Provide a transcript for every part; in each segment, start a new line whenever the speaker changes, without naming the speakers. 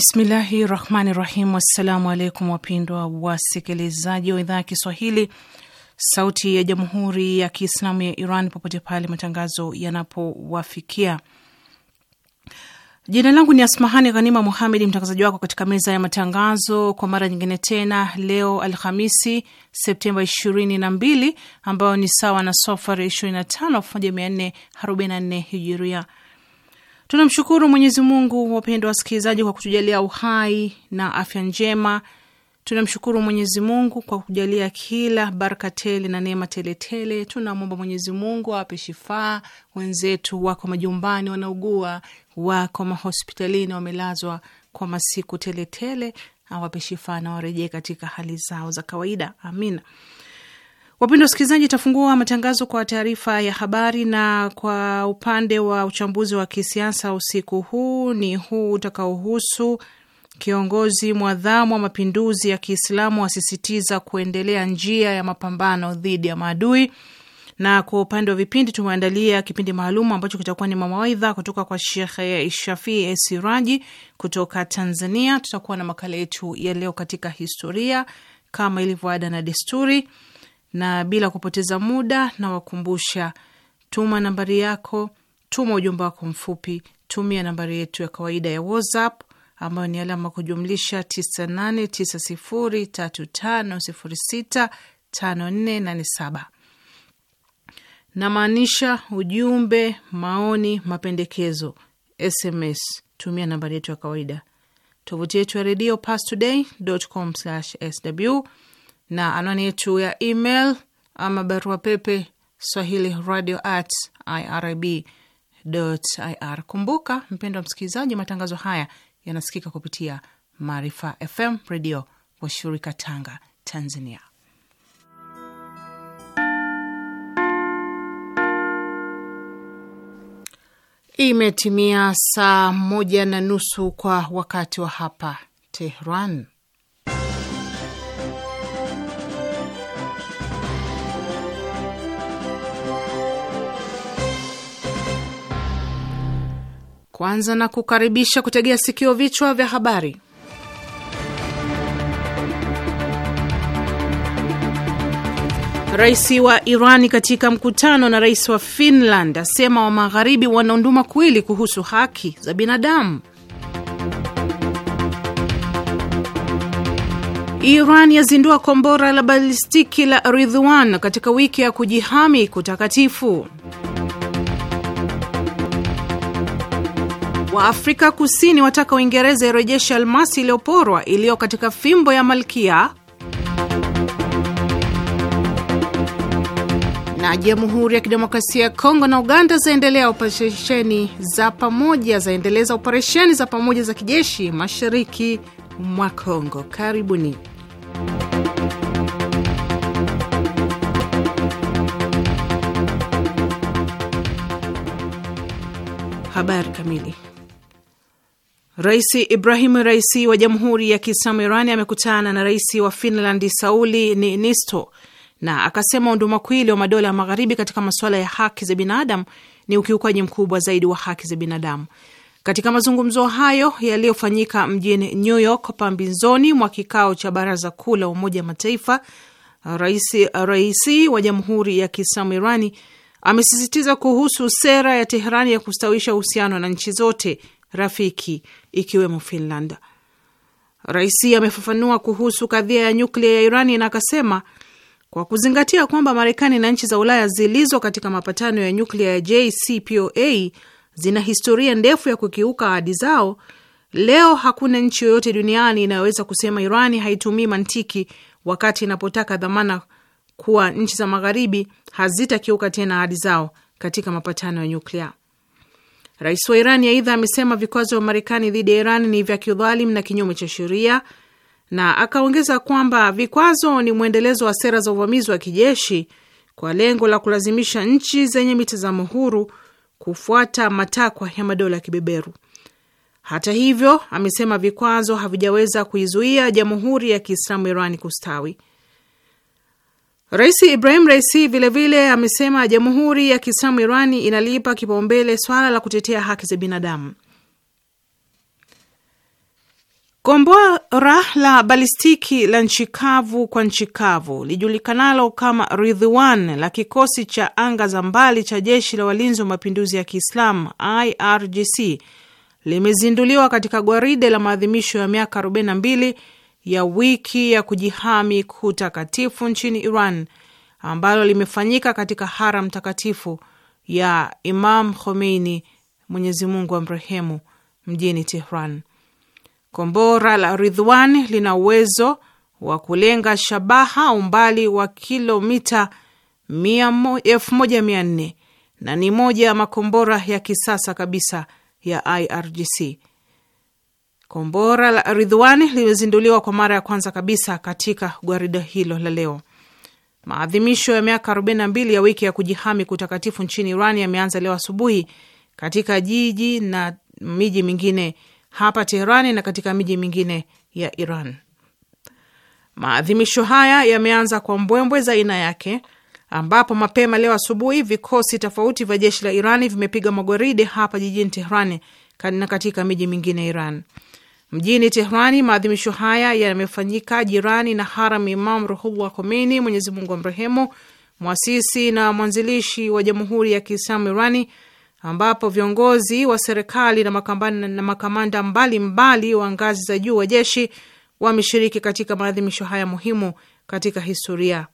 Bismillahi rahmani rahim. Assalamu alaikum wapendwa wasikilizaji wa idhaa ya Kiswahili sauti ya jamhuri ya Kiislamu ya Iran popote pale matangazo yanapowafikia. Jina langu ni Asmahani Ghanima Muhamedi, mtangazaji wako katika meza ya matangazo kwa mara nyingine tena, leo Alhamisi Septemba 22 ambayo ni sawa na Safar 25 1444 hijiria Tunamshukuru Mwenyezi Mungu, wapendwa wasikilizaji, kwa kutujalia uhai na afya njema. Tunamshukuru Mwenyezi Mungu kwa kujalia kila baraka tele na neema teletele. Tunamwomba Mwenyezi Mungu awape shifaa wenzetu, wako majumbani wanaugua, wako mahospitalini wamelazwa kwa masiku teletele, awape shifaa na warejee katika hali zao za kawaida. Amina. Wapendwa wasikilizaji, tafungua matangazo kwa taarifa ya habari, na kwa upande wa uchambuzi wa kisiasa usiku huu ni huu utakaohusu kiongozi mwadhamu wa mapinduzi ya Kiislamu asisitiza kuendelea njia ya mapambano dhidi ya maadui, na kwa upande wa vipindi tumeandalia kipindi maalum ambacho kitakuwa ni mawaidha kutoka kwa Shekhe Shafii Siraji kutoka Tanzania. Tutakuwa na makala yetu ya leo katika historia kama ilivyo ada na desturi na bila kupoteza muda, nawakumbusha tuma nambari yako, tuma ujumbe wako mfupi, tumia nambari yetu ya kawaida ya WhatsApp ambayo ni alama kujumlisha 989035065487. Namaanisha ujumbe, maoni, mapendekezo, SMS, tumia nambari yetu ya kawaida. Tovuti yetu ya redio pastoday.com/sw na anwani yetu ya email ama barua pepe swahili radio at irib ir. Kumbuka mpendo wa msikilizaji, matangazo haya yanasikika kupitia Maarifa FM redio shirika Tanga, Tanzania. Imetimia saa moja na nusu kwa wakati wa hapa Tehran Kwanza na kukaribisha kutegea sikio vichwa vya habari. Rais wa iran katika mkutano na rais wa Finland asema wa magharibi wanaunduma kwili kuhusu haki za binadamu. Iran yazindua kombora la balistiki la Ridhwan katika wiki ya kujihami kutakatifu. Waafrika Kusini wataka Uingereza irejeshe almasi iliyoporwa iliyo katika fimbo ya Malkia. Na Jamhuri ya Kidemokrasia ya Kongo na Uganda zaendelea operesheni za pamoja zaendeleza operesheni za pamoja za kijeshi mashariki mwa Kongo. Karibuni. Habari kamili Rais ibrahim Raisi wa Jamhuri ya Kiislamu Irani amekutana na rais wa Finlandi Sauli Niinisto na akasema undumakuwili wa madola ya magharibi katika masuala ya haki za binadamu ni ukiukaji mkubwa zaidi wa haki za binadamu. Katika mazungumzo hayo yaliyofanyika mjini New York pambizoni mwa kikao cha Baraza Kuu la Umoja Mataifa, rais Raisi wa Jamhuri ya Kiislamu Irani amesisitiza kuhusu sera ya Teherani ya kustawisha uhusiano na nchi zote rafiki ikiwemo Finland. Raisi amefafanua kuhusu kadhia ya nyuklia ya Irani na akasema kwa kuzingatia kwamba Marekani na nchi za Ulaya zilizo katika mapatano ya nyuklia ya JCPOA zina historia ndefu ya kukiuka ahadi zao, leo hakuna nchi yoyote duniani inayoweza kusema Irani haitumii mantiki wakati inapotaka dhamana kuwa nchi za magharibi hazitakiuka tena ahadi zao katika mapatano ya nyuklia. Rais wa Irani aidha amesema vikwazo vya Marekani dhidi ya Iran ni vya kidhalimu na kinyume cha sheria, na akaongeza kwamba vikwazo ni mwendelezo wa sera za uvamizi wa kijeshi kwa lengo la kulazimisha nchi zenye mitazamo huru kufuata matakwa ya madola ya kibeberu. Hata hivyo, amesema vikwazo havijaweza kuizuia Jamhuri ya Kiislamu Irani kustawi. Rais Ibrahim Raisi vilevile amesema Jamhuri ya Kiislamu Irani inalipa kipaumbele swala la kutetea haki za binadamu. Kombora la balistiki la nchi kavu kwa nchi kavu lijulikanalo kama Ridhwan la kikosi cha anga za mbali cha jeshi la walinzi wa mapinduzi ya Kiislamu IRGC limezinduliwa katika gwaride la maadhimisho ya miaka 42 ya wiki ya kujihami kutakatifu nchini Iran ambalo limefanyika katika haram takatifu ya Imam Khomeini, Mwenyezi Mungu amrehemu, mjini Tehran. Kombora la Ridhwan lina uwezo wa kulenga shabaha umbali wa kilomita 1400 na ni moja ya makombora ya kisasa kabisa ya IRGC. Kombora la Ridhwani limezinduliwa kwa mara ya kwanza kabisa katika gwarida hilo la leo. Maadhimisho ya miaka 42 ya wiki ya kujihami kutakatifu nchini Iran yameanza leo asubuhi katika jiji na miji mingine hapa Teherani na katika miji mingine ya Iran. Maadhimisho haya yameanza kwa mbwembwe za aina yake, ambapo mapema leo asubuhi vikosi tofauti vya jeshi la Irani vimepiga magwaride hapa jijini Teherani na katika miji mingine ya Iran. Mjini Tehrani, maadhimisho haya yamefanyika jirani na haram Imam Ruhullah Khomeini, Mwenyezi Mungu amrehemu, mwasisi na mwanzilishi wa Jamhuri ya Kiislamu Irani, ambapo viongozi wa serikali na, na makamanda mbalimbali wa ngazi za juu wa jeshi wameshiriki katika maadhimisho haya muhimu katika historia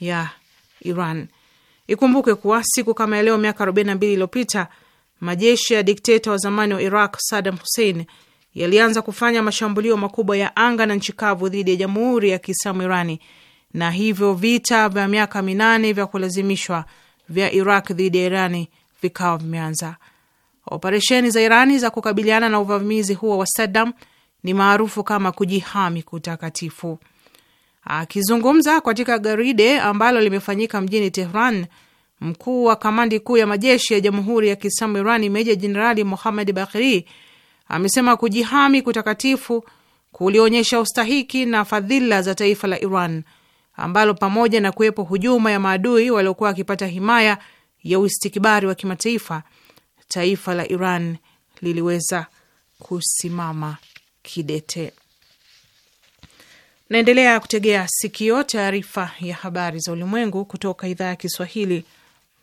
ya Iran. Ikumbuke kuwa siku kama ya leo miaka 42 iliyopita majeshi ya dikteta wa zamani wa Iraq Saddam Hussein yalianza kufanya mashambulio makubwa ya anga na nchi kavu dhidi ya jamhuri ya Kiislamu Irani, na hivyo vita vya miaka minane vya kulazimishwa vya Iraq dhidi ya Irani vikawa vimeanza. Operesheni za Irani za kukabiliana na uvamizi huo wa Saddam ni maarufu kama kujihami kutakatifu. Akizungumza katika garide ambalo limefanyika mjini Tehran, mkuu wa kamandi kuu ya majeshi ya jamhuri ya Kiislamu Irani meja jenerali Mohamed Bagheri amesema kujihami kutakatifu kulionyesha ustahiki na fadhila za taifa la Iran ambalo pamoja na kuwepo hujuma ya maadui waliokuwa wakipata himaya ya uistikibari wa kimataifa, taifa la Iran liliweza kusimama kidete. Naendelea kutegea sikio taarifa ya habari za ulimwengu kutoka idhaa ya Kiswahili,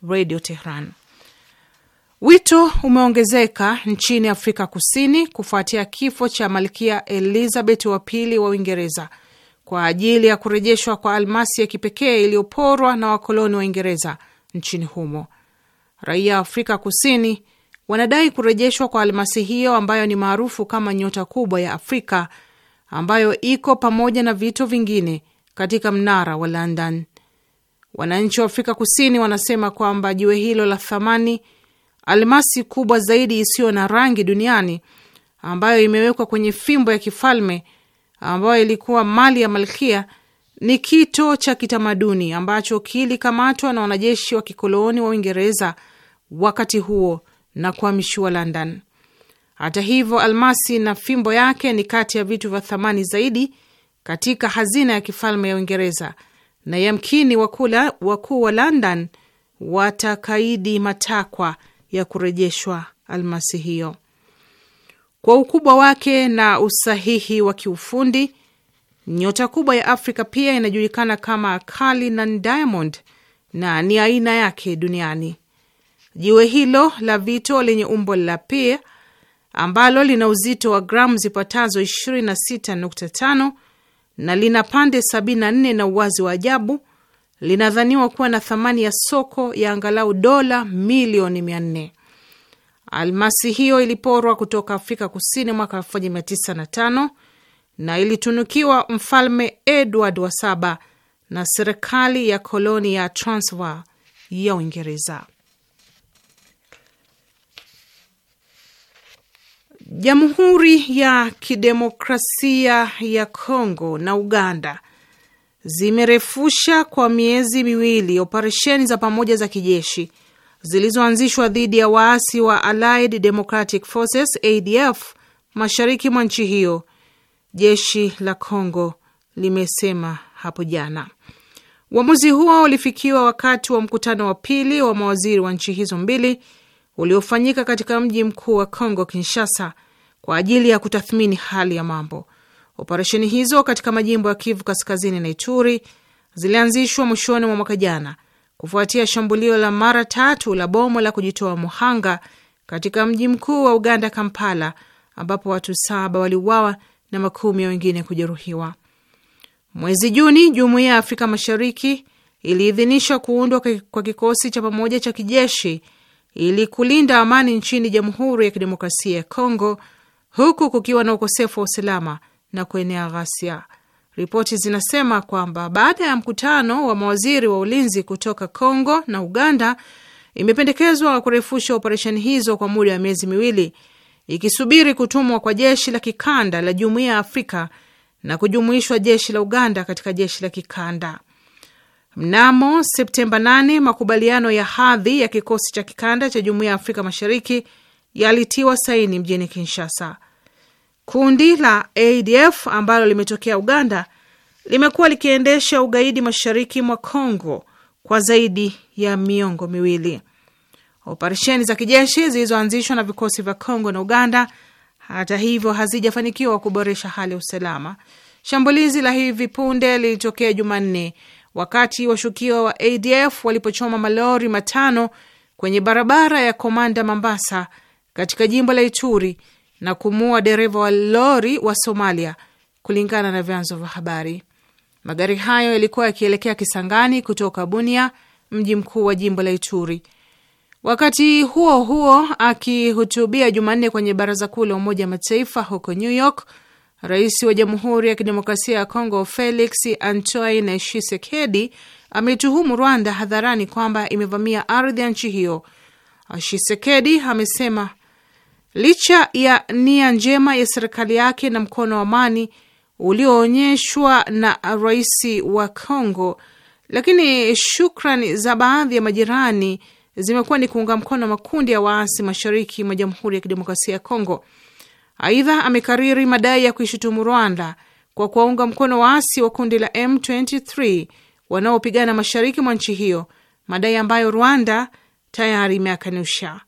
Radio Tehran. Wito umeongezeka nchini Afrika Kusini kufuatia kifo cha malkia Elizabeth wa pili wa Uingereza kwa ajili ya kurejeshwa kwa almasi ya kipekee iliyoporwa na wakoloni wa Uingereza nchini humo. Raia wa Afrika Kusini wanadai kurejeshwa kwa almasi hiyo ambayo ni maarufu kama nyota kubwa ya Afrika, ambayo iko pamoja na vito vingine katika mnara wa London. Wananchi wa Afrika Kusini wanasema kwamba jiwe hilo la thamani almasi kubwa zaidi isiyo na rangi duniani ambayo imewekwa kwenye fimbo ya kifalme ambayo ilikuwa mali ya malkia ni kito cha kitamaduni ambacho kilikamatwa na wanajeshi wa kikoloni wa Uingereza wakati huo na kuhamishiwa London. Hata hivyo, almasi na fimbo yake ni kati ya vitu vya thamani zaidi katika hazina ya kifalme ya Uingereza, na yamkini wakuu wa London watakaidi matakwa ya kurejeshwa almasi hiyo. Kwa ukubwa wake na usahihi wa kiufundi, nyota kubwa ya Afrika pia inajulikana kama Cullinan Diamond na ni aina yake duniani. Jiwe hilo la vito lenye umbo la pia ambalo lina uzito wa gramu zipatazo 26.5 na lina pande 74 na uwazi wa ajabu linadhaniwa kuwa na thamani ya soko ya angalau dola milioni nne. Almasi hiyo iliporwa kutoka Afrika Kusini mwaka 1905 na ilitunukiwa Mfalme Edward wa saba na serikali ya koloni ya Transvaal ya Uingereza. Jamhuri ya Kidemokrasia ya Kongo na Uganda zimerefusha kwa miezi miwili operesheni za pamoja za kijeshi zilizoanzishwa dhidi ya waasi wa Allied Democratic Forces ADF mashariki mwa nchi hiyo, jeshi la Congo limesema hapo jana. Uamuzi huo ulifikiwa wakati wa mkutano wa pili wa mawaziri wa nchi hizo mbili uliofanyika katika mji mkuu wa Congo, Kinshasa, kwa ajili ya kutathmini hali ya mambo. Operesheni hizo katika majimbo ya Kivu Kaskazini na Ituri zilianzishwa mwishoni mwa mwaka jana kufuatia shambulio la mara tatu la bomu la kujitoa muhanga katika mji mkuu wa Uganda, Kampala, ambapo watu saba waliuawa na makumi ya wengine kujeruhiwa. Mwezi Juni, Jumuiya ya Afrika Mashariki iliidhinisha kuundwa kwa kikosi cha pamoja cha kijeshi ili kulinda amani nchini Jamhuri ya Kidemokrasia ya Kongo, huku kukiwa na ukosefu wa usalama na kuenea ghasia. Ripoti zinasema kwamba baada ya mkutano wa mawaziri wa ulinzi kutoka congo na Uganda, imependekezwa kurefusha operesheni hizo kwa muda wa miezi miwili, ikisubiri kutumwa kwa jeshi la kikanda la Jumuiya ya Afrika na kujumuishwa jeshi la Uganda katika jeshi la kikanda. Mnamo Septemba 8 makubaliano ya hadhi ya kikosi cha kikanda cha Jumuiya ya Afrika Mashariki yalitiwa saini mjini Kinshasa. Kundi la ADF ambalo limetokea Uganda limekuwa likiendesha ugaidi mashariki mwa Kongo kwa zaidi ya miongo miwili. Operesheni za kijeshi zilizoanzishwa na vikosi vya Kongo na Uganda, hata hivyo, hazijafanikiwa kuboresha hali ya usalama. Shambulizi la hivi punde lilitokea Jumanne wakati washukiwa wa ADF walipochoma malori matano kwenye barabara ya Komanda mambasa katika jimbo la Ituri na kumuua dereva wa lori wa Somalia, kulingana na vyanzo vya habari. Magari hayo yalikuwa yakielekea Kisangani kutoka Bunia, mji mkuu wa jimbo la Ituri. Wakati huo huo, akihutubia Jumanne kwenye baraza kuu la Umoja Mataifa huko New York, rais wa Jamhuri ya Kidemokrasia ya Kongo Felix Antoine Tshisekedi ametuhumu Rwanda hadharani kwamba imevamia ardhi ya nchi hiyo. Tshisekedi amesema Licha ya nia njema ya serikali yake na mkono wa amani ulioonyeshwa na rais wa congo lakini shukrani za baadhi ya majirani zimekuwa ni kuunga mkono makundi ya waasi mashariki mwa Jamhuri ya Kidemokrasia ya congo Aidha, amekariri madai ya kuishutumu Rwanda kwa kuwaunga mkono waasi wa kundi la M23 wanaopigana mashariki mwa nchi hiyo, madai ambayo Rwanda tayari imeakanusha.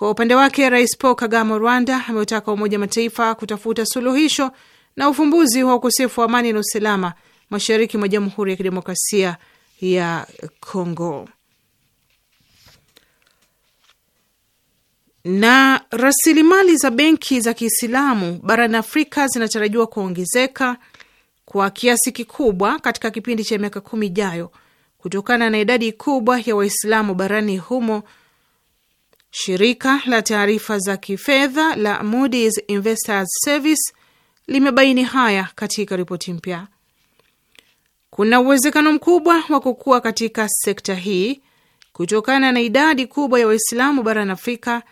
Kwa upande wake, Rais Paul Kagame Rwanda ameutaka Umoja wa Mataifa kutafuta suluhisho na ufumbuzi wa ukosefu wa amani na usalama mashariki mwa Jamhuri ya Kidemokrasia ya Kongo. Na rasilimali za benki za Kiislamu barani Afrika zinatarajiwa kuongezeka kwa kiasi kikubwa katika kipindi cha miaka kumi ijayo kutokana na idadi kubwa ya Waislamu barani humo Shirika la taarifa za kifedha la Moody's Investors Service limebaini haya katika ripoti mpya. Kuna uwezekano mkubwa wa kukua katika sekta hii kutokana na idadi kubwa ya Waislamu barani Afrika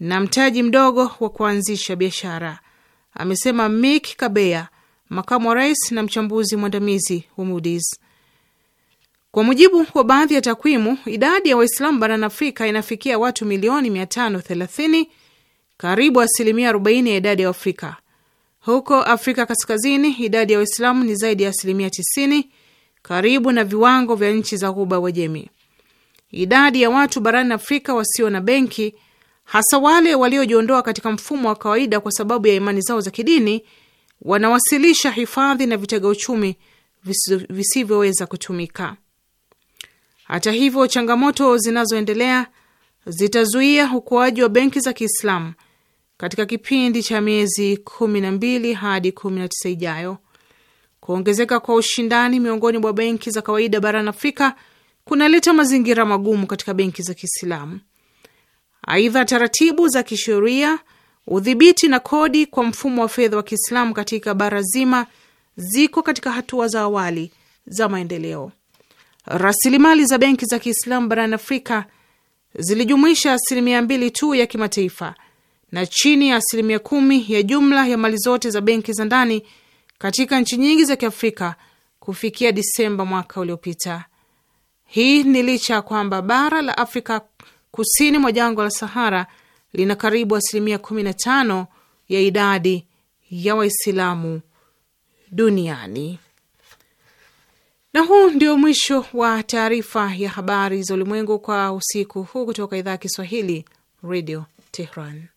na mtaji mdogo wa kuanzisha biashara, amesema Mick Kabea, makamu wa rais na mchambuzi mwandamizi wa Moody's. Kwa mujibu wa baadhi ya takwimu, idadi ya Waislamu barani Afrika inafikia watu milioni 530, karibu asilimia 40 ya idadi ya Afrika. Huko Afrika Kaskazini, idadi ya Waislamu ni zaidi ya asilimia 90, karibu na viwango vya nchi za Ghuba Wajemi. Idadi ya watu barani Afrika wasio na benki, hasa wale waliojiondoa katika mfumo wa kawaida kwa sababu ya imani zao za kidini, wanawasilisha hifadhi na vitega uchumi visivyoweza kutumika. Hata hivyo, changamoto zinazoendelea zitazuia ukuaji wa benki za Kiislamu katika kipindi cha miezi 12 hadi 19 ijayo. Kuongezeka kwa ushindani miongoni mwa benki za kawaida barani Afrika kunaleta mazingira magumu katika benki za Kiislamu. Aidha, taratibu za kisheria, udhibiti na kodi kwa mfumo wa fedha wa Kiislamu katika bara zima ziko katika hatua za awali za maendeleo. Rasilimali za benki za Kiislamu barani Afrika zilijumuisha asilimia mbili tu ya kimataifa na chini ya asilimia kumi ya jumla ya mali zote za benki za ndani katika nchi nyingi za Kiafrika kufikia Disemba mwaka uliopita. Hii ni licha ya kwamba bara la Afrika kusini mwa jangwa la Sahara lina karibu asilimia 15 ya idadi ya Waislamu duniani. Na huu ndio mwisho wa taarifa ya habari za ulimwengu kwa usiku huu kutoka idhaa ya Kiswahili, Radio Tehran.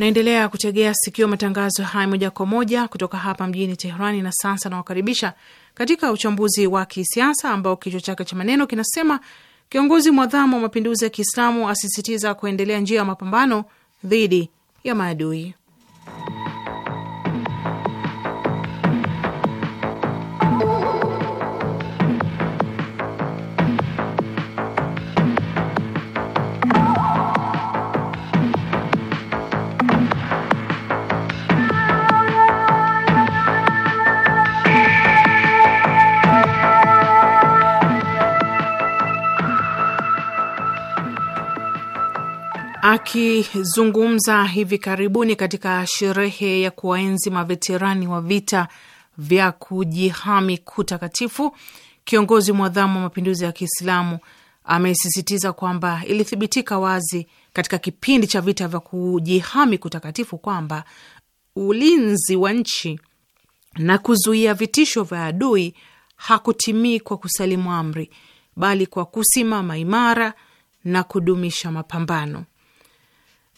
Naendelea kutegea sikio matangazo haya moja kwa moja kutoka hapa mjini Teherani. Na sasa nawakaribisha katika uchambuzi wa kisiasa ambao kichwa chake cha maneno kinasema: kiongozi mwadhamu wa mapinduzi ya Kiislamu asisitiza kuendelea njia ya mapambano dhidi ya maadui. Akizungumza hivi karibuni katika sherehe ya kuwaenzi maveterani wa vita vya kujihami kutakatifu, kiongozi mwadhamu wa mapinduzi ya Kiislamu amesisitiza kwamba ilithibitika wazi katika kipindi cha vita vya kujihami kutakatifu kwamba ulinzi wa nchi na kuzuia vitisho vya adui hakutimii kwa kusalimu amri, bali kwa kusimama imara na kudumisha mapambano.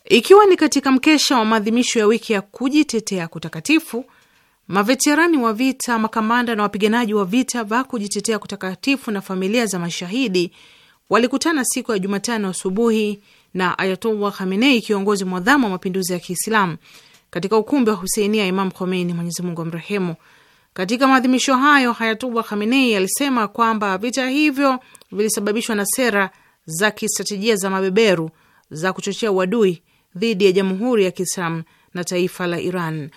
Ikiwa ni katika mkesha wa maadhimisho ya wiki ya kujitetea kutakatifu, maveterani wa vita, makamanda na wapiganaji wa vita vya kujitetea kutakatifu na familia za mashahidi walikutana siku ya Jumatano asubuhi na Ayatollah Khamenei, kiongozi mwadhamu wa mapinduzi ya Kiislamu, katika ukumbi wa Huseinia Imam Khomeini, Mwenyezi Mungu amrehemu. Katika maadhimisho hayo, Hayatullah Khamenei alisema kwamba vita hivyo vilisababishwa na sera za kistratejia za mabeberu za kuchochea uadui dhidi ya Jamhuri ya Kiislamu na taifa la Iran,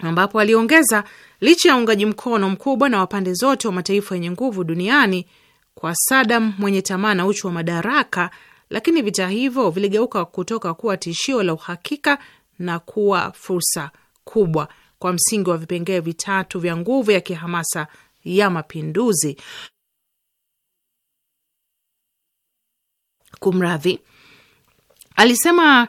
ambapo aliongeza, licha ya uungaji mkono mkubwa na wapande zote wa mataifa yenye nguvu duniani kwa Sadam mwenye tamaa na uchu wa madaraka, lakini vita hivyo viligeuka kutoka kuwa tishio la uhakika na kuwa fursa kubwa kwa msingi wa vipengee vitatu vya nguvu ya kihamasa ya mapinduzi. Kumradhi, Alisema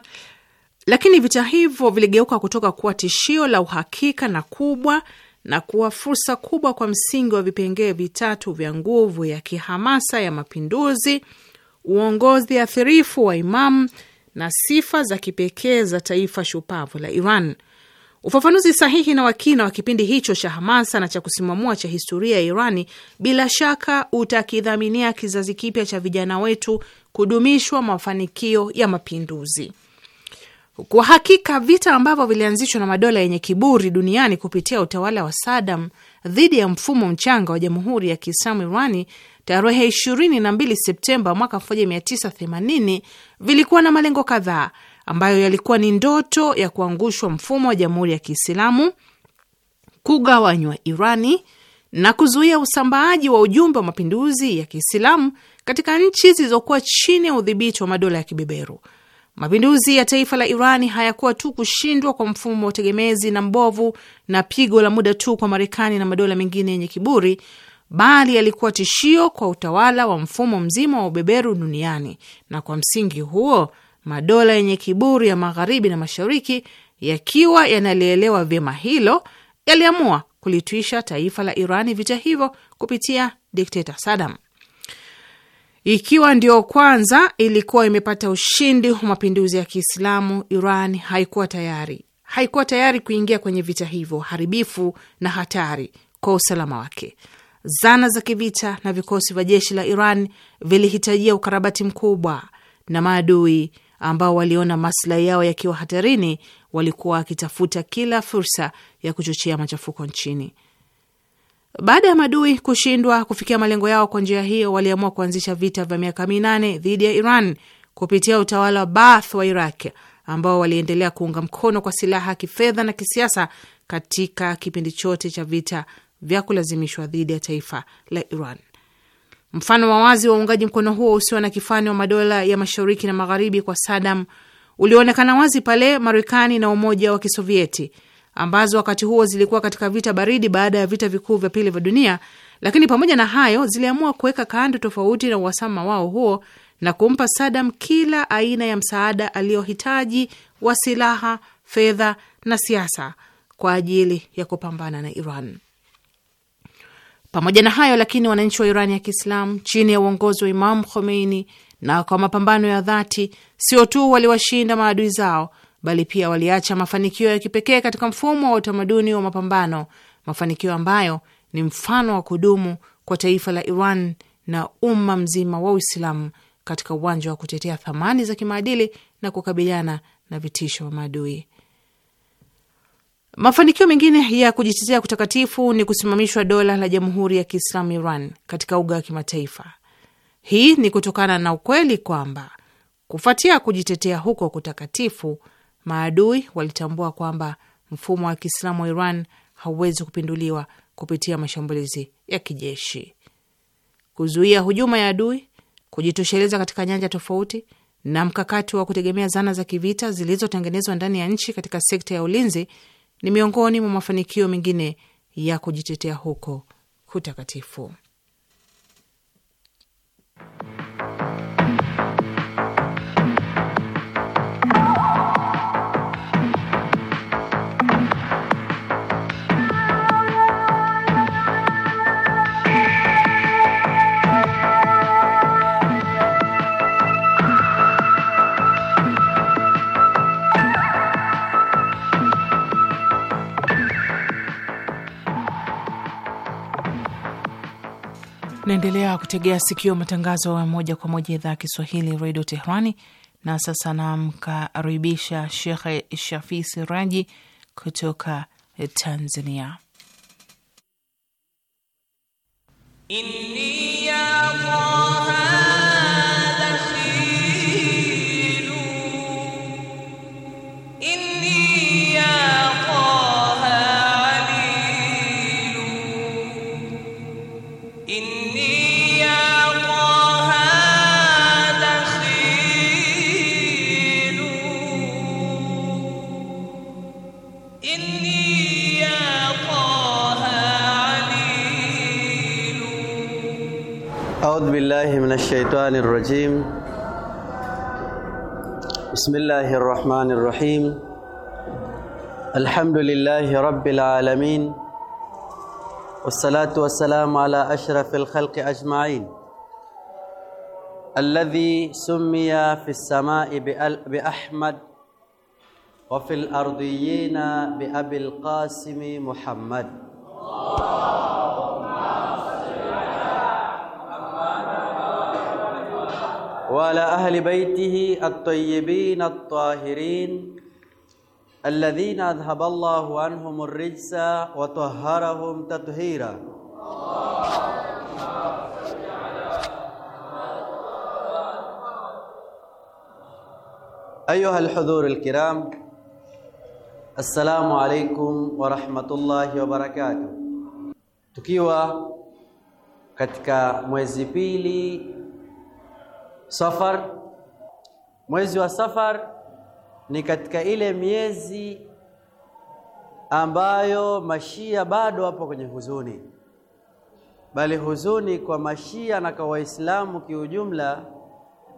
lakini vita hivyo viligeuka kutoka kuwa tishio la uhakika na kubwa na kuwa fursa kubwa kwa msingi wa vipengee vitatu vya nguvu ya kihamasa ya mapinduzi, uongozi athirifu wa Imamu na sifa za kipekee za taifa shupavu la Iran. Ufafanuzi sahihi na wakina wa kipindi hicho cha hamasa na cha kusimamua cha historia ya Irani bila shaka utakidhaminia kizazi kipya cha vijana wetu kudumishwa mafanikio ya mapinduzi. Kwa hakika vita ambavyo vilianzishwa na madola yenye kiburi duniani kupitia utawala wa Sadam dhidi ya mfumo mchanga wa jamhuri ya Kiislamu Irani tarehe 22 Septemba mwaka 1980 vilikuwa na malengo kadhaa ambayo yalikuwa ni ndoto ya kuangushwa mfumo wa jamhuri ya Kiislamu, kugawanywa Irani, na kuzuia usambaaji wa ujumbe wa mapinduzi ya Kiislamu katika nchi zilizokuwa chini ya udhibiti wa madola ya kibeberu. Mapinduzi ya taifa la Irani hayakuwa tu kushindwa kwa mfumo wa tegemezi na mbovu na pigo la muda tu kwa Marekani na madola mengine yenye kiburi, bali yalikuwa tishio kwa utawala wa mfumo mzima wa ubeberu duniani, na kwa msingi huo madola yenye kiburi ya magharibi na mashariki yakiwa yanalielewa vyema hilo, yaliamua kulitwisha taifa la Irani vita hivyo kupitia dikteta Sadam. Ikiwa ndio kwanza ilikuwa imepata ushindi wa mapinduzi ya Kiislamu, Iran haikuwa tayari, haikuwa tayari kuingia kwenye vita hivyo haribifu na hatari kwa usalama wake. Zana za kivita na vikosi vya jeshi la Iran vilihitajia ukarabati mkubwa, na maadui ambao waliona maslahi yao yakiwa hatarini walikuwa wakitafuta kila fursa ya kuchochea machafuko nchini. Baada ya madui kushindwa kufikia malengo yao kwa njia hiyo, waliamua kuanzisha vita vya miaka minane dhidi ya Iran kupitia utawala wa Baath wa Iraq ambao waliendelea kuunga mkono kwa silaha, kifedha na kisiasa katika kipindi chote cha vita vya kulazimishwa dhidi ya taifa la Iran. Mfano wa wazi wa uungaji mkono huo usio na kifani wa madola ya mashariki na magharibi kwa Sadam ulioonekana wazi pale Marekani na Umoja wa Kisovieti ambazo wakati huo zilikuwa katika vita baridi baada ya vita vikuu vya pili vya dunia, lakini pamoja na hayo ziliamua kuweka kando tofauti na uhasama wao huo na kumpa Sadam kila aina ya msaada aliyohitaji wa silaha, fedha na siasa kwa ajili ya kupambana na Iran. Pamoja na hayo lakini, wananchi wa Iran ya Kiislamu chini ya uongozi wa Imam Khomeini na kwa mapambano ya dhati, sio tu waliwashinda maadui zao, bali pia waliacha mafanikio ya kipekee katika mfumo wa utamaduni wa mapambano, mafanikio ambayo ni mfano wa kudumu kwa taifa la Iran na umma mzima wa Uislamu katika uwanja wa kutetea thamani za kimaadili na kukabiliana na vitisho vya maadui. Mafanikio mengine ya kujitetea kutakatifu ni kusimamishwa dola la Jamhuri ya Kiislamu Iran katika uga wa kimataifa hii ni kutokana na ukweli kwamba kufuatia kujitetea huko kutakatifu, maadui walitambua kwamba mfumo wa Kiislamu wa Iran hauwezi kupinduliwa kupitia mashambulizi ya kijeshi. Kuzuia hujuma ya adui, kujitosheleza katika nyanja tofauti na mkakati wa kutegemea zana za kivita zilizotengenezwa ndani ya nchi katika sekta ya ulinzi ni miongoni mwa mafanikio mengine ya kujitetea huko kutakatifu. Naendelea kutegea sikio matangazo ya moja kwa moja idhaa ya Kiswahili redio Tehrani. Na sasa namkaribisha Shekhe Shafii Siraji kutoka Tanzania. Inni ya
الشيطان الرجيم بسم الله الرحمن الرحيم الحمد لله رب العالمين والصلاة والسلام على أشرف الخلق أجمعين الذي سمي في السماء بأحمد وفي الأرضيين بأبي القاسم محمد وعلى أهل بيته الطيبين الطاهرين الذين أذهب الله عنهم الرجس وطهرهم تطهيرا أيها الحضور الكرام السلام عليكم ورحمة الله وبركاته تكيوا katika mwezi pili Safar, mwezi wa Safar ni katika ile miezi ambayo mashia bado wapo kwenye huzuni, bali huzuni kwa mashia na kwa Waislamu kiujumla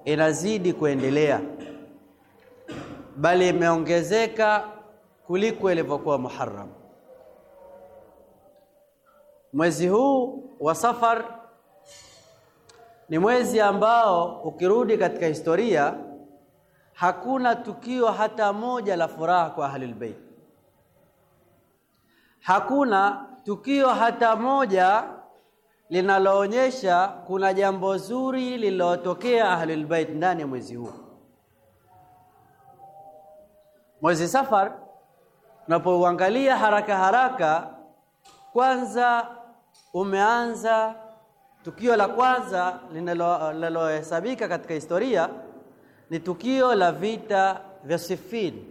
inazidi kuendelea, bali imeongezeka kuliko ilivyokuwa Muharram. Mwezi huu wa Safar ni mwezi ambao ukirudi katika historia hakuna tukio hata moja la furaha kwa ahlul bait, hakuna tukio hata moja linaloonyesha kuna jambo zuri lililotokea ahlul bait ndani ya mwezi huu. Mwezi Safar tunapouangalia haraka haraka, kwanza umeanza Tukio la kwanza linalohesabika katika historia ni tukio la vita vya Siffin,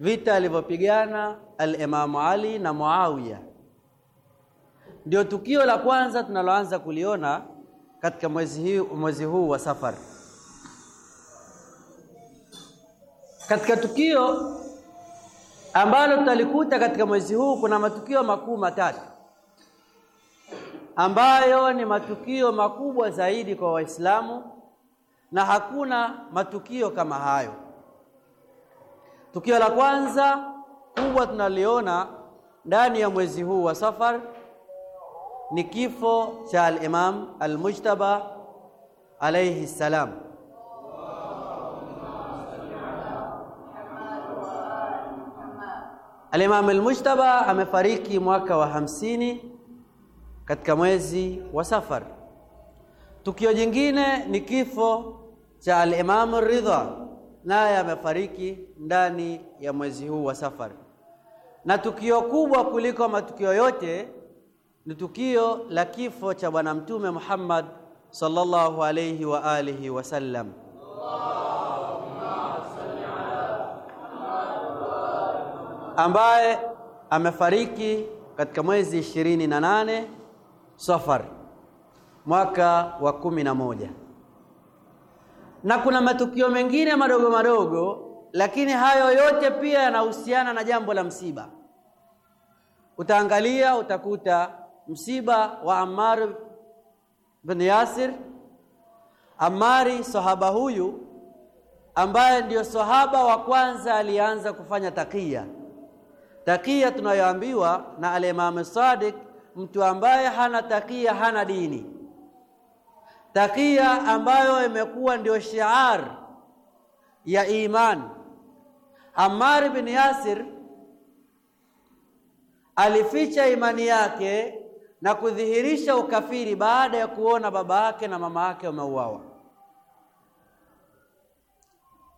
vita alivyopigana al-Imamu Ali na Muawiya. Ndio tukio la kwanza tunaloanza kuliona katika mwezi huu, mwezi huu wa Safar. Katika tukio ambalo tutalikuta katika mwezi huu kuna matukio makuu matatu ambayo ni matukio makubwa zaidi kwa Waislamu na hakuna matukio kama hayo. Tukio la kwanza kubwa tunaliona ndani ya mwezi huu wa Safar ni kifo cha al-Imam al-Mujtaba alayhi salam. Al-Imam al-Mujtaba amefariki mwaka wa hamsini katika mwezi wa Safar. Tukio jingine ni kifo cha al-Imam Ridha, naye amefariki ndani ya mwezi huu wa Safar. Na tukio kubwa kuliko matukio yote ni tukio la kifo cha Bwana Mtume Muhammad sallallahu alayhi wa alihi wasallam. ambaye amefariki katika mwezi ishirini na nane Safar mwaka wa kumi na moja na kuna matukio mengine madogo madogo, lakini hayo yote pia yanahusiana na jambo la msiba. Utaangalia utakuta msiba wa Ammar bin Yasir. Amari, sahaba huyu ambaye ndiyo sahaba wa kwanza alianza kufanya takia. Takia tunayoambiwa na Alimamu Sadiq mtu ambaye hana takia hana dini. Takia ambayo imekuwa ndio shiar ya imani. Ammar bin Yasir alificha imani yake na kudhihirisha ukafiri baada ya kuona baba yake na mama yake wameuawa.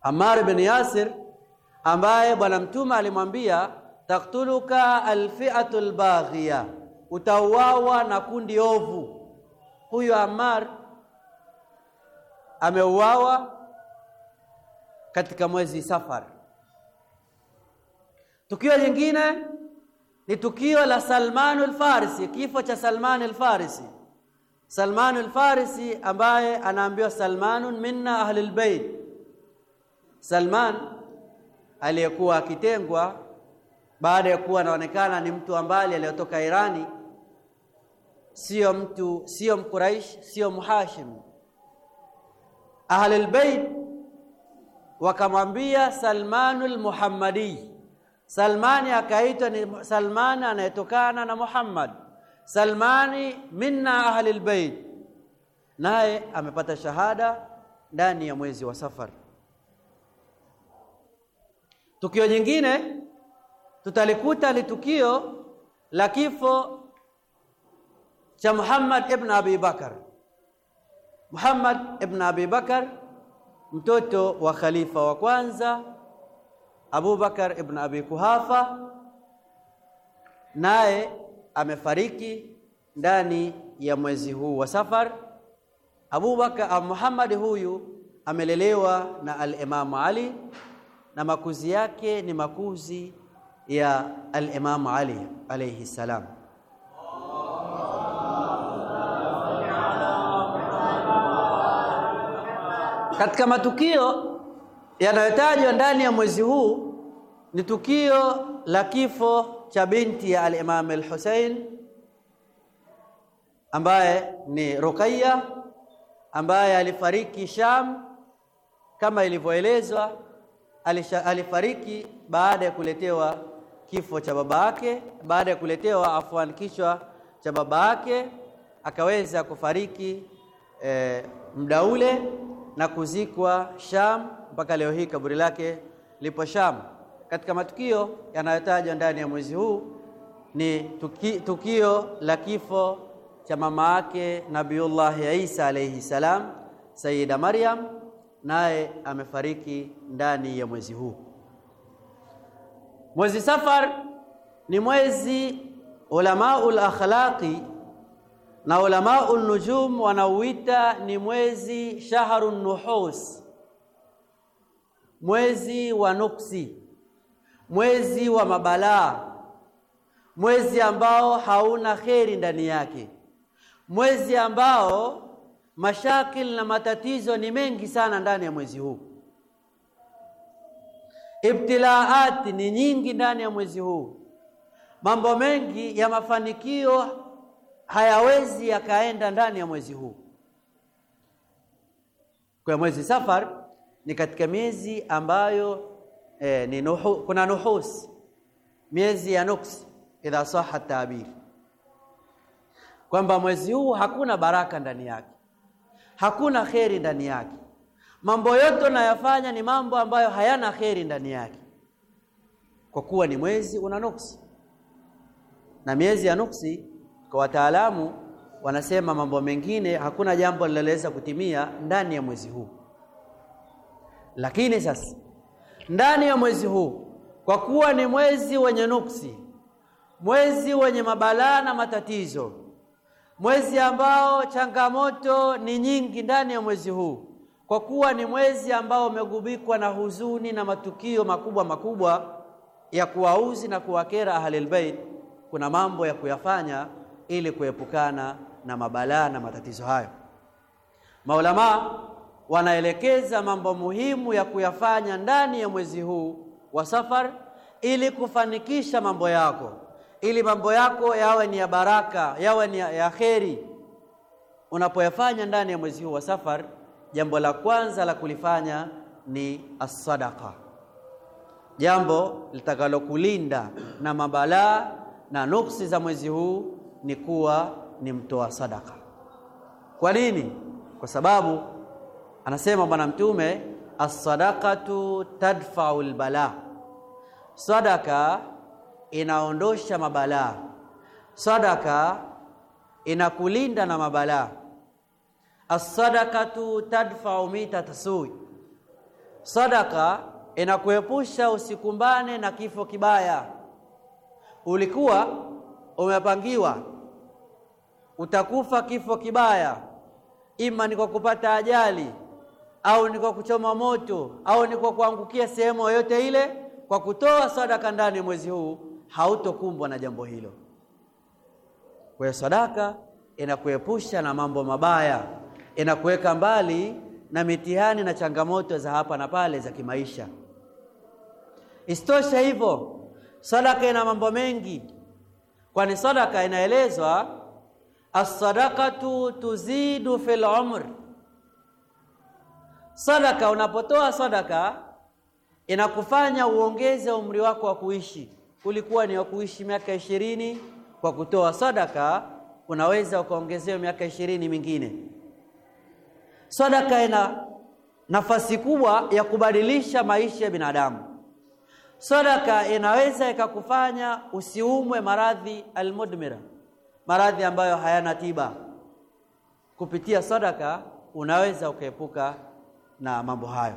Ammar bin Yasir ambaye Bwana Mtume alimwambia taktuluka alfiatu lbaghia utauawa na kundi ovu. Huyo Ammar ameuawa katika mwezi Safar. Tukio lingine ni tukio la Salman al-Farisi, kifo cha Salman al-Farisi. Salman al-Farisi ambaye anaambiwa Salmanun minna ahli al Salman aliyekuwa akitengwa baada ya kuwa anaonekana ni mtu ambaye aliyotoka Irani sio mtu, sio Mquraish, sio Mhashim. Ahlul Bait wakamwambia Salmanul Muhammadi. Salmani akaitwa ni Salmani anayetokana na Muhammad. Salmani minna ahlilbeit bait, naye amepata shahada ndani ya mwezi wa Safar. Tukio jingine tutalikuta ni tukio la kifo cha Muhammad ibn Abi Bakar. Muhammad ibn Abi Bakar mtoto wa khalifa wa kwanza Abu Bakar ibn Abi Kuhafa, naye amefariki ndani ya mwezi huu wa Safar. Abu Bakar ah, Muhammad huyu amelelewa na al-Imamu Ali na makuzi yake ni makuzi ya al-Imamu Ali alayhi salam. katika matukio
yanayotajwa
ndani ya mwezi huu ni tukio la kifo cha binti ya al-Imam al-Hussein ambaye ni Ruqayya ambaye alifariki Sham kama ilivyoelezwa alifariki baada ya kuletewa kifo cha baba yake, baada ya kuletewa afwan kichwa cha baba yake akaweza kufariki e, muda ule na kuzikwa Sham, mpaka leo hii kaburi lake lipo Sham. Katika matukio yanayotajwa ndani ya mwezi huu ni tuki, tukio la kifo cha mama yake Nabiullahi Isa alayhi salam, Sayyida Maryam, naye amefariki ndani ya mwezi huu. Mwezi Safar ni mwezi ulamaul akhlaqi na ulamau nujum wanauita ni mwezi shaharu nuhus, mwezi wa nuksi, mwezi wa mabalaa, mwezi ambao hauna kheri ndani yake, mwezi ambao mashakil na matatizo ni mengi sana ndani ya mwezi huu, ibtilaati ni nyingi ndani ya mwezi huu, mambo mengi ya mafanikio hayawezi yakaenda ndani ya mwezi huu. Kwa mwezi Safar ni katika miezi ambayo eh, ni nuhu, kuna nuhus, miezi ya nuksi, idha saha tabir, kwamba mwezi huu hakuna baraka ndani yake, hakuna kheri ndani yake. Mambo yote unayofanya ni mambo ambayo hayana kheri ndani yake, kwa kuwa ni mwezi una nuksi, na miezi ya nuksi kwa wataalamu wanasema mambo mengine hakuna jambo linaloweza kutimia ndani ya mwezi huu, lakini sasa ndani ya mwezi huu, kwa kuwa ni mwezi wenye nuksi, mwezi wenye mabalaa na matatizo, mwezi ambao changamoto ni nyingi ndani ya mwezi huu, kwa kuwa ni mwezi ambao umegubikwa na huzuni na matukio makubwa makubwa ya kuwauzi na kuwakera Ahlul Bait, kuna mambo ya kuyafanya ili kuepukana na mabalaa na matatizo hayo. Maulamaa wanaelekeza mambo muhimu ya kuyafanya ndani ya mwezi huu wa Safar ili kufanikisha mambo yako, ili mambo yako yawe ni ya baraka, yawe ni ya kheri. Unapoyafanya ndani ya mwezi huu wa Safar, jambo la kwanza la kulifanya ni assadaka, jambo litakalokulinda na mabalaa na nuksi za mwezi huu ni kuwa ni mtoa sadaka. Kwa nini? Kwa sababu anasema Bwana Mtume, as-sadaqatu tadfa'u al-bala, sadaka inaondosha mabalaa, sadaka inakulinda na mabalaa. As-sadaqatu tadfa'u mita tasui, sadaka inakuepusha usikumbane na kifo kibaya. Ulikuwa umepangiwa Utakufa kifo kibaya, ima ni kwa kupata ajali au ni kwa kuchoma moto au ni kwa kuangukia sehemu yoyote ile. Kwa kutoa sadaka ndani mwezi huu hautokumbwa na jambo hilo. Kwa hiyo sadaka inakuepusha na mambo mabaya, inakuweka mbali na mitihani na changamoto za hapa na pale za kimaisha. isitosha hivyo, sadaka ina mambo mengi, kwani sadaka inaelezwa As-sadaqatu tuzidu fil umr. Sadaka, unapotoa sadaka inakufanya uongeze umri wako wa kuishi. Ulikuwa ni wa kuishi miaka ishirini, kwa kutoa sadaka unaweza ukaongezewa miaka ishirini mingine. Sadaka ina nafasi kubwa ya kubadilisha maisha ya binadamu. Sadaka inaweza ikakufanya usiumwe maradhi almudmira maradhi ambayo hayana tiba. Kupitia sadaka unaweza ukaepuka na mambo hayo.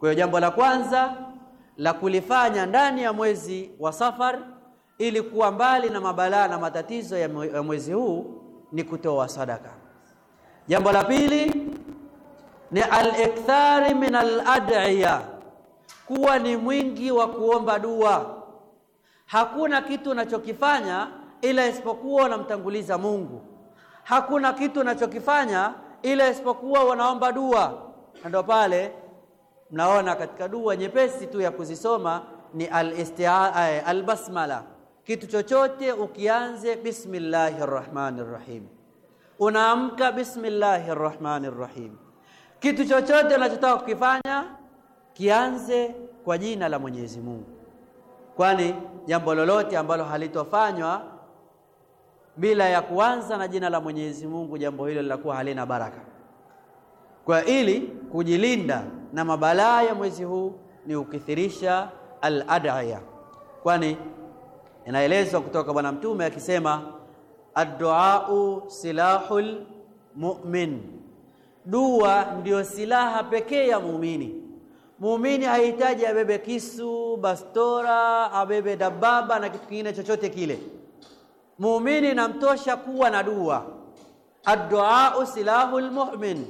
Kwa hiyo jambo la kwanza la kulifanya ndani ya mwezi wa Safar ili kuwa mbali na mabalaa na matatizo ya mwezi huu ni kutoa sadaka. Jambo la pili ni al-ikthari min al-ad'iya, kuwa ni mwingi wa kuomba dua. Hakuna kitu unachokifanya ila isipokuwa wanamtanguliza Mungu. Hakuna kitu unachokifanya ila isipokuwa wanaomba dua, na ndio pale mnaona katika dua nyepesi tu ya kuzisoma ni al eh, al-basmala. Kitu chochote ukianze bismillahir rahmanir rahim, unaamka bismillahir rahmanir rahim. Kitu chochote unachotaka kukifanya kianze kwa jina la Mwenyezi Mungu, kwani jambo lolote ambalo halitofanywa bila ya kuanza na jina la Mwenyezi Mungu, jambo hilo linakuwa halina baraka. Kwa ili kujilinda na mabalaa ya mwezi huu ni ukithirisha al-ad'iya, kwani inaelezwa kutoka Bwana Mtume akisema adduau silahul mu'min, dua ndiyo silaha pekee ya muumini. Muumini hahitaji abebe kisu, bastora, abebe dababa na kitu kingine chochote kile muumini namtosha kuwa na dua. Adduau silahul mu'min.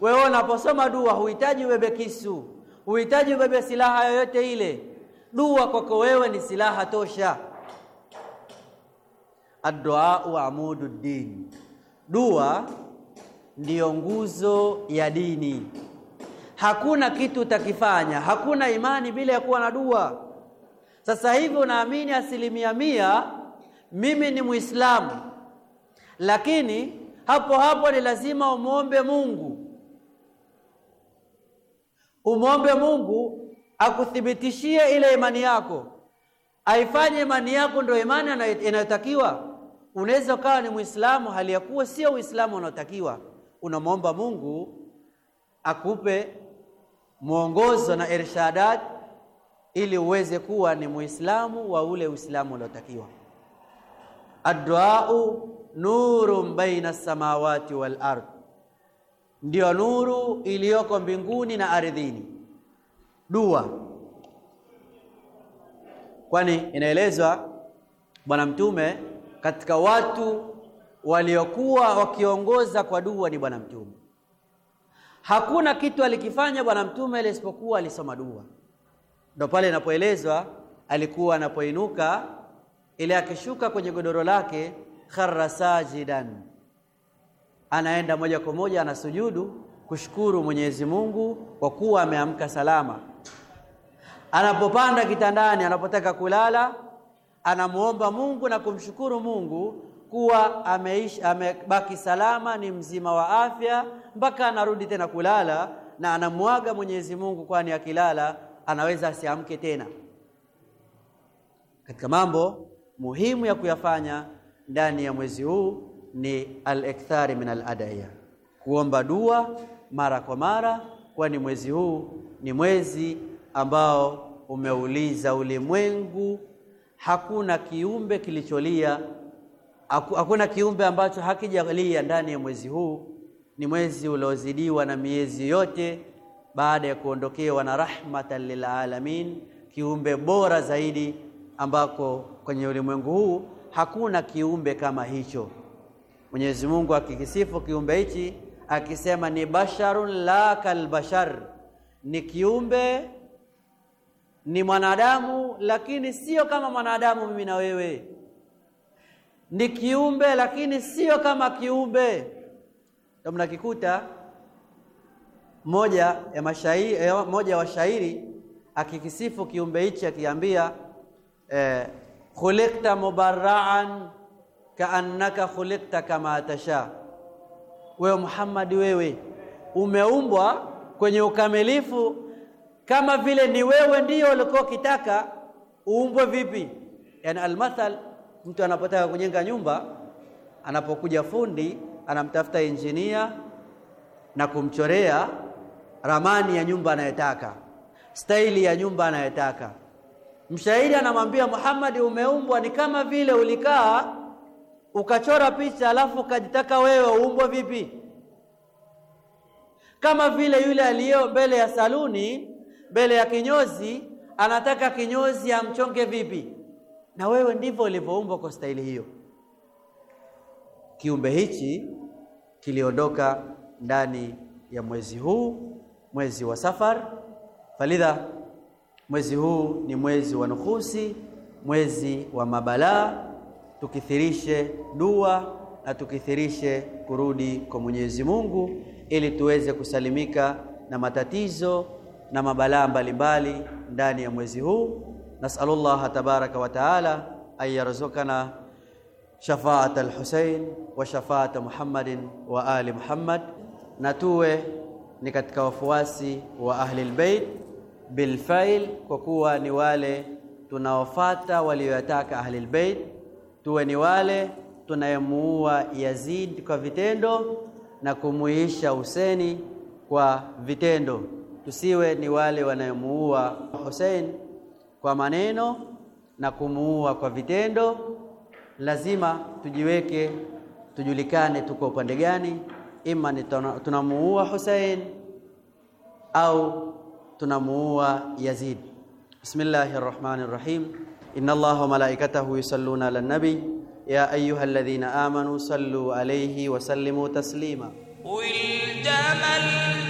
Wewe unaposoma dua huhitaji ubebe kisu, huhitaji ubebe silaha yoyote ile. Dua kwako wewe ni silaha tosha. Adduau amudu din, dua ndiyo nguzo ya dini. Hakuna kitu utakifanya, hakuna imani bila ya kuwa na dua. Sasa hivi unaamini asilimia mia mimi ni Muislamu, lakini hapo hapo ni lazima umwombe Mungu, umwombe Mungu akuthibitishie ile imani yako, aifanye imani yako ndio imani inayotakiwa. Unaweza ukawa ni Muislamu hali ya kuwa sio Uislamu unaotakiwa, unamwomba Mungu akupe mwongozo na irshadat ili uweze kuwa ni Muislamu wa ule Uislamu unaotakiwa adduau nurun baina samawati wal ardh, ndiyo nuru iliyoko mbinguni na ardhini. Dua, kwani inaelezwa Bwana Mtume katika watu waliokuwa wakiongoza kwa dua ni Bwana Mtume. Hakuna kitu alikifanya Bwana Mtume ile isipokuwa alisoma dua. Ndio pale inapoelezwa alikuwa anapoinuka ile akishuka kwenye godoro lake kharra sajidan, anaenda moja kwa moja anasujudu kushukuru Mwenyezi Mungu kwa kuwa ameamka salama. Anapopanda kitandani, anapotaka kulala, anamuomba Mungu na kumshukuru Mungu kuwa ameishi, amebaki salama, ni mzima wa afya mpaka anarudi tena kulala, na anamwaga Mwenyezi Mungu, kwani akilala anaweza asiamke tena. Katika mambo muhimu ya kuyafanya ndani ya mwezi huu ni al-ikthari min al adaya kuomba dua mara kwa mara, kwani mwezi huu ni mwezi ambao umeuliza ulimwengu. Hakuna kiumbe kilicholia, hakuna kiumbe ambacho hakijalia ndani ya mwezi huu. Ni mwezi uliozidiwa na miezi yote, baada ya kuondokewa na rahmatan lilalamin, kiumbe bora zaidi ambako kwenye ulimwengu huu hakuna kiumbe kama hicho. Mwenyezi Mungu akikisifu kiumbe hichi akisema ni basharun la kalbashar, ni kiumbe ni mwanadamu lakini sio kama mwanadamu mimi na wewe, ni kiumbe lakini sio kama kiumbe. Ndio mnakikuta moja ya mashairi, eh, moja ya washairi akikisifu kiumbe hichi akiambia eh, khuliqta mubarraan kaannaka khuliqta kama tasha, wewe Muhammad, wewe umeumbwa kwenye ukamilifu kama vile ni wewe ndio ulikuwa ukitaka uumbwe. Vipi? Yani almathal, mtu anapotaka kujenga nyumba, anapokuja fundi anamtafuta injinia na kumchorea ramani ya nyumba anayotaka, staili ya nyumba anayotaka mshahidi anamwambia Muhammad, umeumbwa ni kama vile ulikaa ukachora picha alafu ukajitaka wewe uumbwe vipi, kama vile yule aliyo mbele ya saluni, mbele ya kinyozi, anataka kinyozi amchonge vipi, na wewe ndivyo ulivyoumbwa kwa staili hiyo. Kiumbe hichi kiliondoka ndani ya mwezi huu, mwezi wa Safar, falidha Mwezi huu ni mwezi wa nuhusi, mwezi wa mabalaa. Tukithirishe dua na tukithirishe kurudi kwa Mwenyezi Mungu ili tuweze kusalimika na matatizo na mabalaa mbalimbali ndani ya mwezi huu. Nasalullaha tabaraka wa taala ayarzukana shafaata al-Husayn wa shafaata Muhammadin wa ali Muhammad, na tuwe ni katika wafuasi wa al bait bilfail, kwa kuwa ni wale tunaofata walioyataka ahlilbeit tuwe ni wale tunayemuua Yazid kwa vitendo na kumuisha Huseni kwa vitendo, tusiwe ni wale wanayemuua Hussein kwa maneno na kumuua kwa vitendo. Lazima tujiweke, tujulikane tuko upande gani, ima ni tunamuua Hussein au tunamuua Yazid. Bismillahirrahmanirrahim. Inna Allah wa malaikatahu yusalluna ala nabi ya ayyuhalladhina amanu sallu alayhi wa sallimu taslima. Wal jamal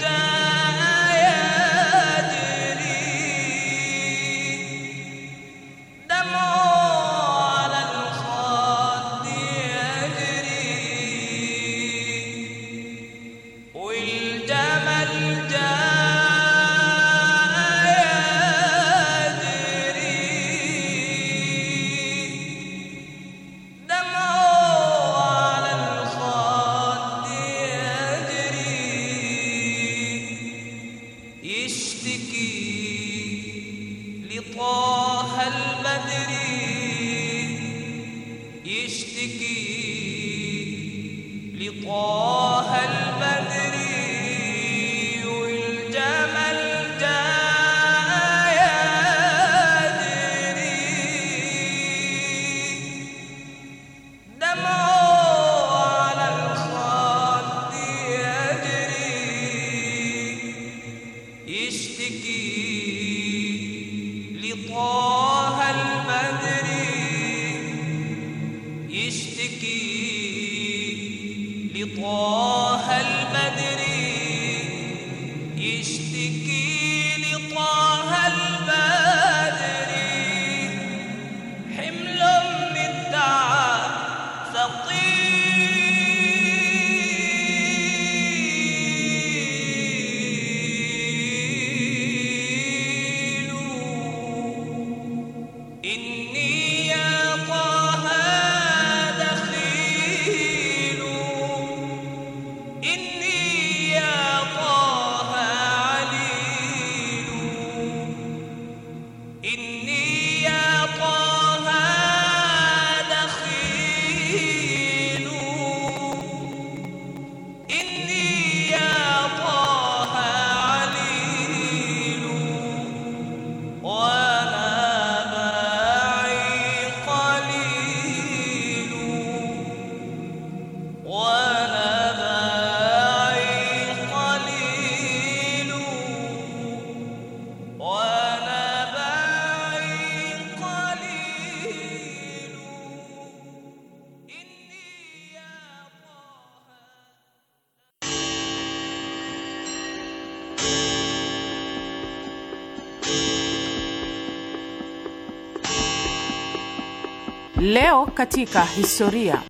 Leo katika historia.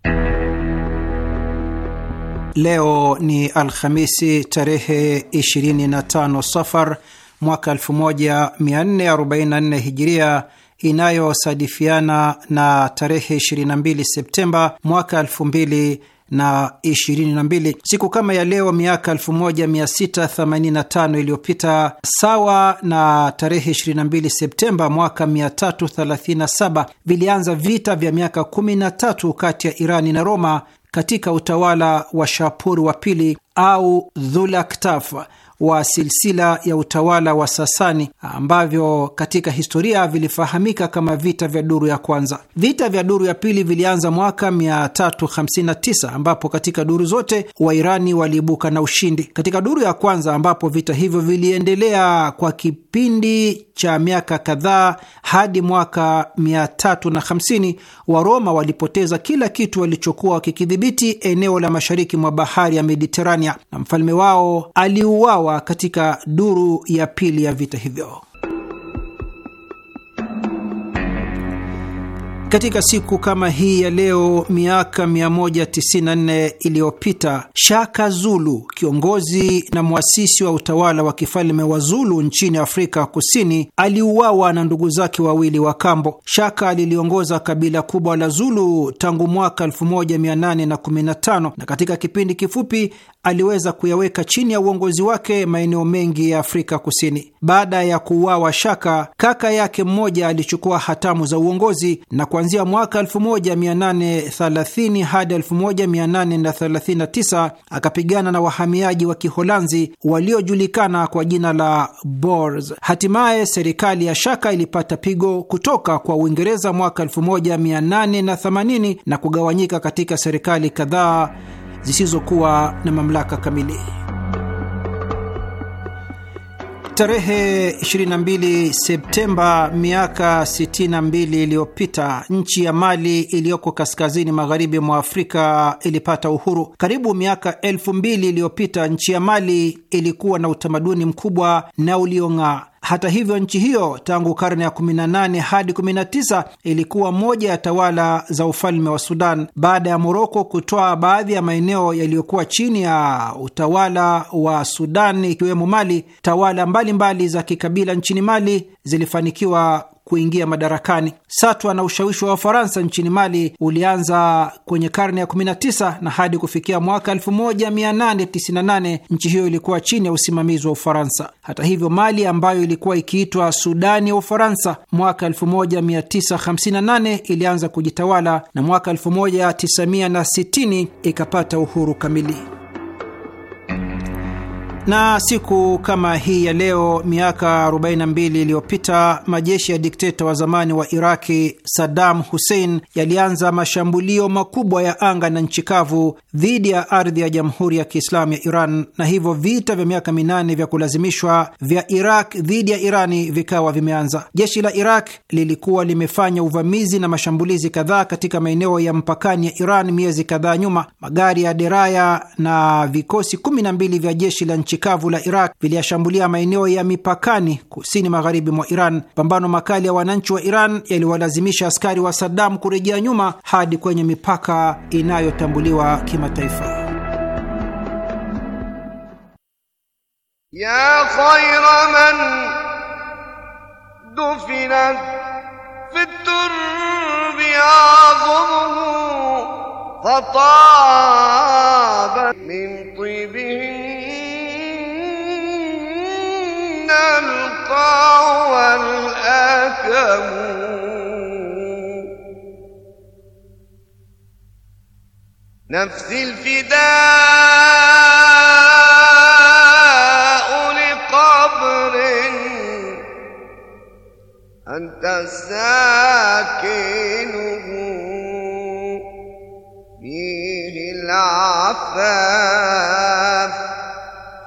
Leo ni Alhamisi tarehe 25 Safar mwaka 1444 Hijiria inayosadifiana na tarehe 22 Septemba mwaka na 22. Siku kama ya leo miaka 1685 iliyopita, sawa na tarehe 22 Septemba mwaka 337, vilianza vita vya miaka 13 kati ya Irani na Roma katika utawala wa Shapur wa pili au dhulaktaf wa silsila ya utawala wa Sasani ambavyo katika historia vilifahamika kama vita vya duru ya kwanza. Vita vya duru ya pili vilianza mwaka 359 ambapo katika duru zote Wairani waliibuka na ushindi. Katika duru ya kwanza, ambapo vita hivyo viliendelea kwa kipindi cha miaka kadhaa hadi mwaka 350, Waroma walipoteza kila kitu walichokuwa wakikidhibiti eneo la mashariki mwa bahari ya Mediterania na mfalme wao aliuawa kuuawa katika duru ya pili ya vita hivyo. Katika siku kama hii ya leo miaka 194 iliyopita Shaka Zulu, kiongozi na mwasisi wa utawala wa kifalme wa Zulu nchini Afrika Kusini, aliuawa na ndugu zake wawili wa kambo. Shaka liliongoza kabila kubwa la Zulu tangu mwaka 1815 na, na katika kipindi kifupi aliweza kuyaweka chini ya uongozi wake maeneo mengi ya Afrika Kusini. Baada ya kuuawa Shaka, kaka yake mmoja alichukua hatamu za uongozi na kwa kuanzia mwaka 1830 hadi 1839 akapigana na wahamiaji wa Kiholanzi waliojulikana kwa jina la Boers. Hatimaye serikali ya Shaka ilipata pigo kutoka kwa Uingereza mwaka 1880 na kugawanyika katika serikali kadhaa zisizokuwa na mamlaka kamili. Tarehe 22 Septemba miaka 62 iliyopita nchi ya Mali iliyoko kaskazini magharibi mwa Afrika ilipata uhuru. Karibu miaka elfu mbili iliyopita nchi ya Mali ilikuwa na utamaduni mkubwa na uliong'aa. Hata hivyo, nchi hiyo tangu karne ya 18 hadi 19 ilikuwa moja ya tawala za ufalme wa Sudan baada ya Moroko kutoa baadhi ya maeneo yaliyokuwa chini ya utawala wa Sudan ikiwemo Mali. Tawala mbalimbali mbali za kikabila nchini Mali zilifanikiwa kuingia madarakani. Satwa na ushawishi wa Wafaransa nchini Mali ulianza kwenye karne ya 19 na hadi kufikia mwaka 1898 nchi hiyo ilikuwa chini ya usimamizi wa Ufaransa. Hata hivyo, Mali ambayo ilikuwa ikiitwa Sudani ya Ufaransa mwaka 1958 ilianza kujitawala na mwaka 1960 ikapata uhuru kamili. Na siku kama hii ya leo miaka 42 iliyopita majeshi ya dikteta wa zamani wa Iraki Saddam Hussein yalianza mashambulio makubwa ya anga na nchi kavu dhidi ya ardhi ya Jamhuri ya Kiislamu ya Iran, na hivyo vita vya miaka minane vya kulazimishwa vya Iraq dhidi ya Irani vikawa vimeanza. Jeshi la Iraq lilikuwa limefanya uvamizi na mashambulizi kadhaa katika maeneo ya mpakani ya Iran miezi kadhaa nyuma. Magari ya deraya na vikosi 12 vya jeshi la nchi nchi kavu la Iraq viliyashambulia maeneo ya mipakani kusini magharibi mwa Iran. Pambano makali ya wananchi wa Iran yaliwalazimisha askari wa Saddam kurejea nyuma hadi kwenye mipaka inayotambuliwa kimataifa.
fataba min tibihi نفس الفداء لقبر أنت ساكنه فيه العفاف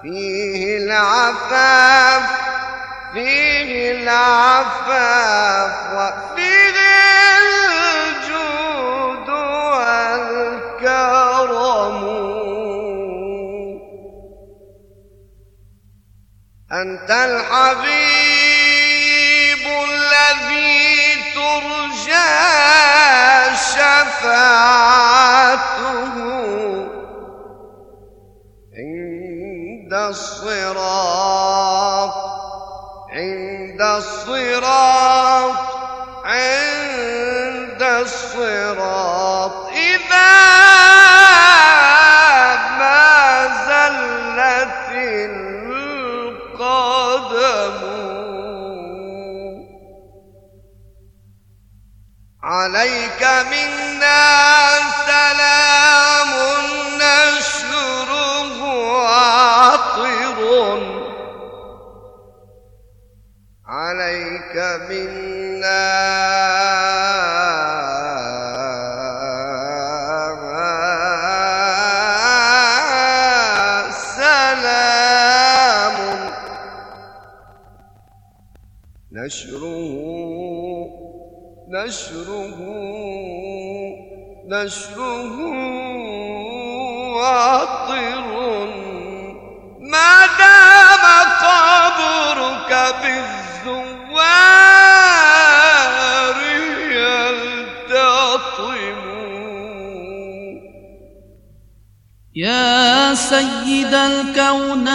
فيه العفاف فيه العفاف وفيه الجود والكرم أنت الحبيب الذي ترجى شفاعه عند الصراط عند الصراط عند الصراط إذا سيد الكونين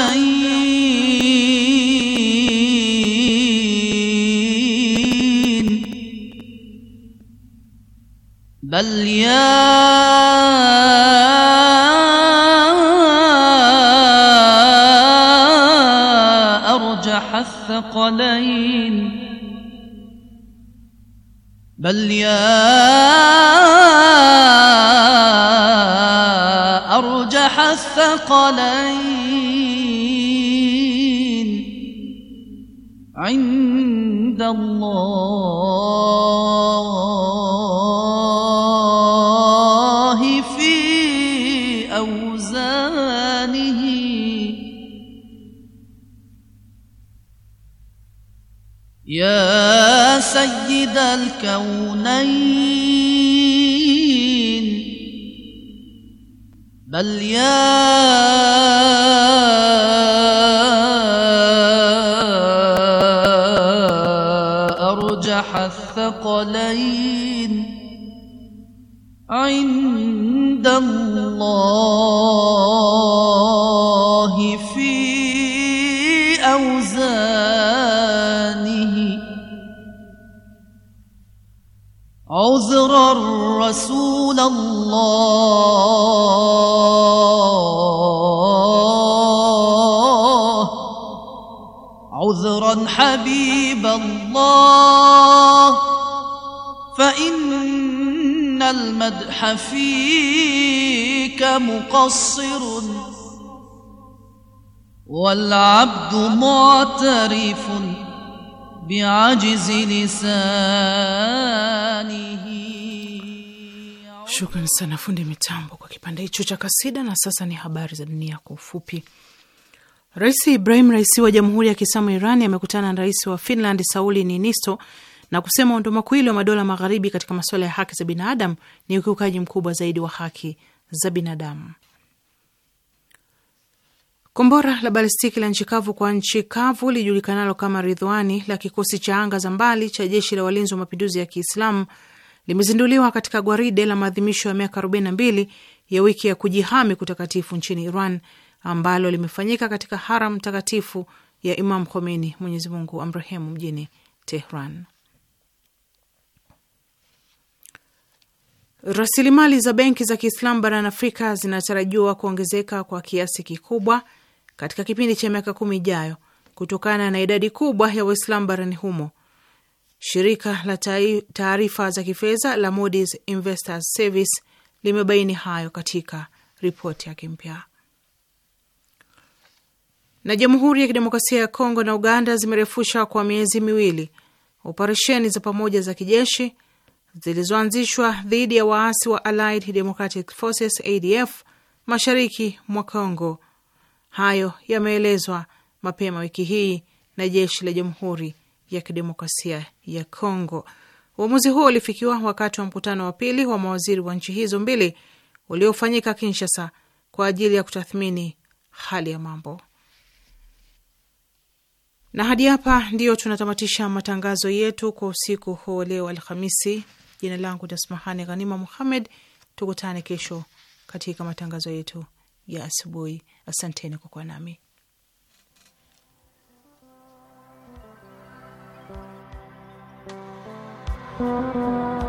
بل يا يا سيد الكونين بل يا أرجح الثقلين عند الله رسول
الله
عذرا حبيب الله فإن المدح فيك مقصر والعبد معترف
بعجز لسانه Shukran sana fundi mitambo kwa kipande hicho cha kasida. Na sasa ni habari za dunia kwa ufupi. Rais Ibrahim Raisi wa Jamhuri ya Kiislamu Irani amekutana na rais wa Finland Sauli Niinisto na kusema undumakuwili wa madola magharibi katika masuala ya haki za binadamu ni ukiukaji mkubwa zaidi wa haki za binadamu. Kombora la balistiki la nchi kavu kwa nchi kavu lilijulikanalo kama Ridhwani la kikosi cha anga za mbali cha jeshi la walinzi wa mapinduzi ya Kiislamu limezinduliwa katika gwaride la maadhimisho ya miaka 42 ya wiki ya kujihami kutakatifu nchini Iran ambalo limefanyika katika haram takatifu ya Imam Khomeini, Mwenyezi Mungu amrehemu, mjini Tehran. Rasilimali za benki za Kiislamu barani Afrika zinatarajiwa kuongezeka kwa kiasi kikubwa katika kipindi cha miaka kumi ijayo kutokana na idadi kubwa ya Waislamu barani humo Shirika la taarifa za kifedha la Moody's Investors Service limebaini hayo katika ripoti yake mpya. Na Jamhuri ya Kidemokrasia ya Kongo na Uganda zimerefusha kwa miezi miwili operesheni za pamoja za kijeshi zilizoanzishwa dhidi ya waasi wa Allied Democratic Forces ADF mashariki mwa Kongo. Hayo yameelezwa mapema wiki hii na jeshi la Jamhuri ya kidemokrasia ya congo Uamuzi huo ulifikiwa wakati wa mkutano wa pili wa mawaziri wa nchi hizo mbili uliofanyika Kinshasa kwa ajili ya kutathmini hali ya mambo. Na hadi hapa ndiyo tunatamatisha matangazo yetu kwa usiku huu leo Alhamisi. Jina langu ni Asmahani Ghanima Muhammed. Tukutane kesho katika matangazo yetu ya asubuhi. Asanteni kwa kuwa nami.
Thank you.